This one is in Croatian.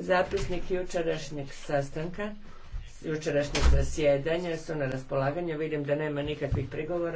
Zapisnik jučerašnjeg sastanka, jučerašnjeg zasjedanja su na raspolaganju. Vidim da nema nikakvih prigovora.